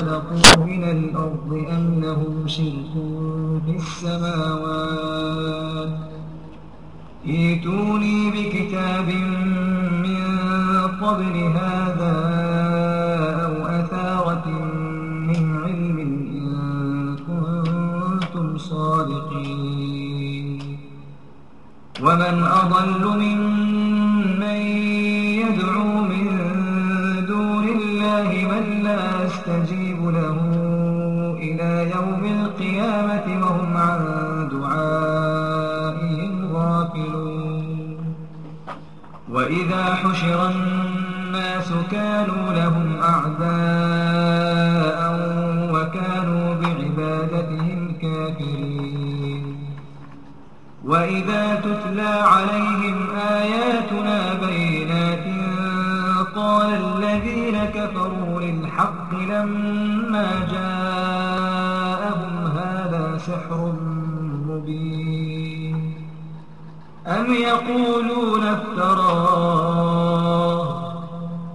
خلقوا من الأرض أم لهم شرك في السماوات ائتوني بكتاب من قبل هذا أو أثارة من علم إن كنتم صادقين ومن أضل من يستجيب له إلى يوم القيامة وهم عن دعائهم غافلون وإذا حشر الناس كانوا لهم أعداء وكانوا بعبادتهم كافرين وإذا تتلى عليهم آياتنا الذين كفروا للحق لما جاءهم هذا سحر مبين أم يقولون افتراه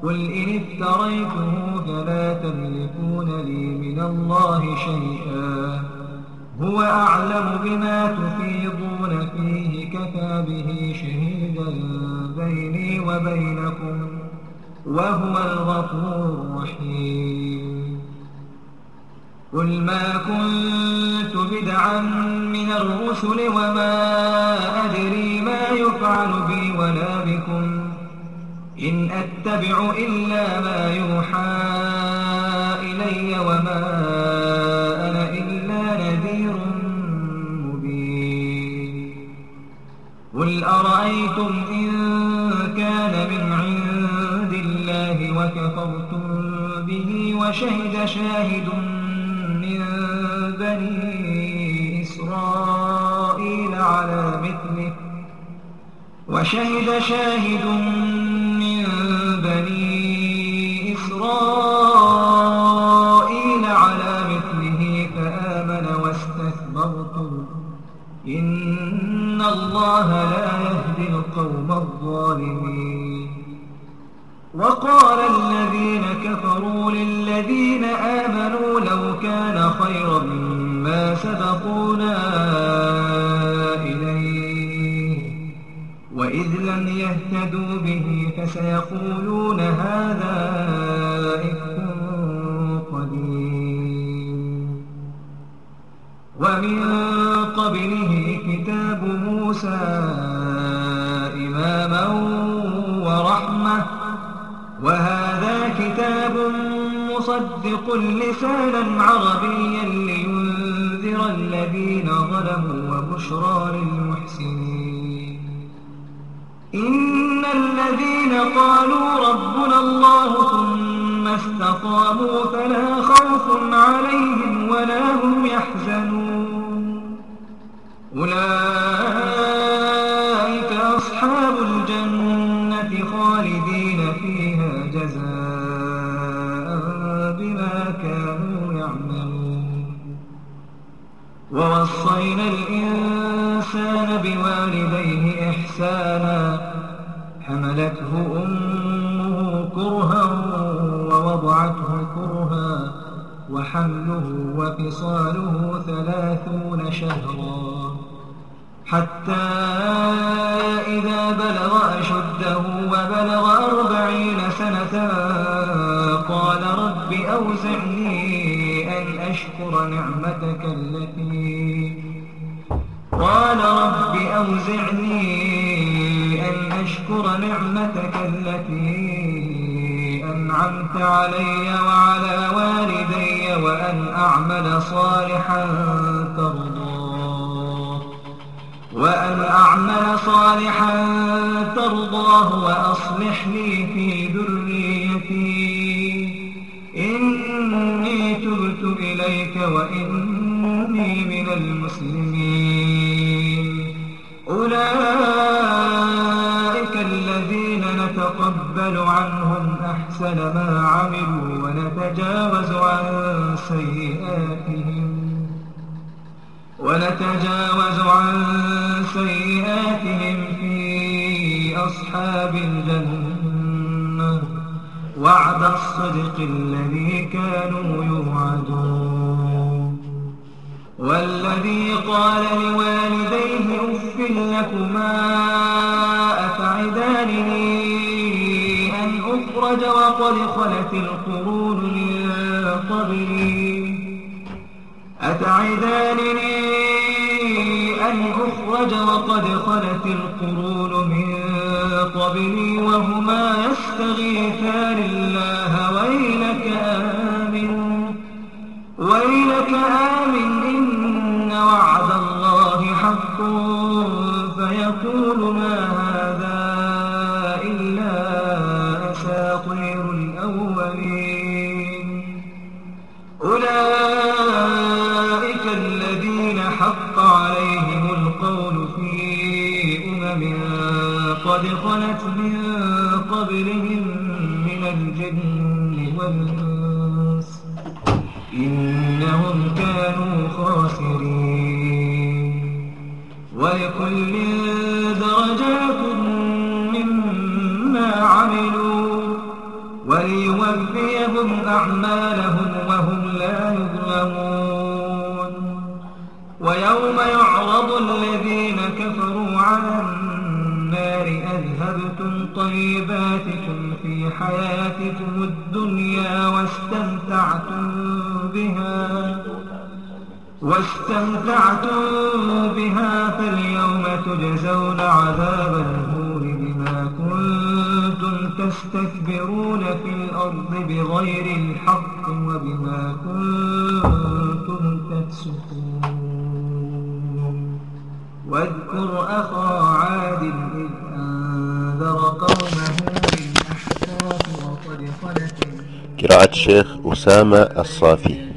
قل إن افتريته فلا تملكون لي من الله شيئا هو أعلم بما تفيضون فيه كفى به شهيدا بيني وبينكم وهو الغفور الرحيم قل ما كنت بدعا من الرسل وما أدري ما يفعل بي ولا بكم إن أتبع إلا ما يوحى إلي وما أنا إلا نذير مبين قل أرأيتم إن وشهد شاهد من بني إسرائيل على مثله وشهد شاهد من بني إسرائيل على مثله فآمن واستكبرتم إن الله لا يهدي القوم الظالمين وقال الذين كفروا للذين آمنوا لو كان خيرا ما سبقونا إليه وإذ لم يهتدوا به فسيقولون هذا إفك قدير ومن قبله كتاب موسى كتاب مصدق لسانا عربيا لينذر الذين ظلموا وبشرى للمحسنين إن الذين قالوا ربنا الله ثم استقاموا فلا خوف عليهم ولا هم يحزنون أولئك خالدين فيها جزاء بما كانوا يعملون ووصينا الإنسان بوالديه إحسانا حملته أمه كرها ووضعته كرها وحمله وفصاله ثلاثون شهرا حتى إذا بلغ أشده وبلغ أربعين سنة قال رب أوزعني أن أشكر نعمتك التي قال رب أوزعني أن أشكر نعمتك التي أنعمت علي وعلى والدي وأن أعمل صالحاً وأن أعمل صالحا ترضاه وأصلح لي في ذريتي إني تبت إليك وإني من المسلمين أولئك الذين نتقبل عنهم أحسن ما عملوا ونتجاوز عن سيئاتهم ونتجاوز عن سيئاتهم في أصحاب الجنة وعد الصدق الذي كانوا يوعدون والذي قال لوالديه أف لكما أتعدانني أن أخرج وقد خلت القرون من قبلي أتعذانني أن أخرج وقد خلت القرون من قبلي وهما يستغيثان الله ويلك آمن ويلك آمن إن وعد الله حق فيقول ما قد خلت من قبلهم من الجن والإنس إنهم كانوا خاسرين ولكل درجات مما عملوا وليوفيهم أعمالهم وهم لا يظلمون ويوم يعرض الذين كفروا على النار أذهبتم طيباتكم في حياتكم الدنيا واستمتعتم بها واستمتعتم بها فاليوم تجزون عذاب الهول بما كنتم تستكبرون في الأرض بغير الحق وبما كنتم تفسقون واذكر أخا عاد وأنذر قومه بالأحقاف وقد خلت قراءة الشيخ أسامة الصافي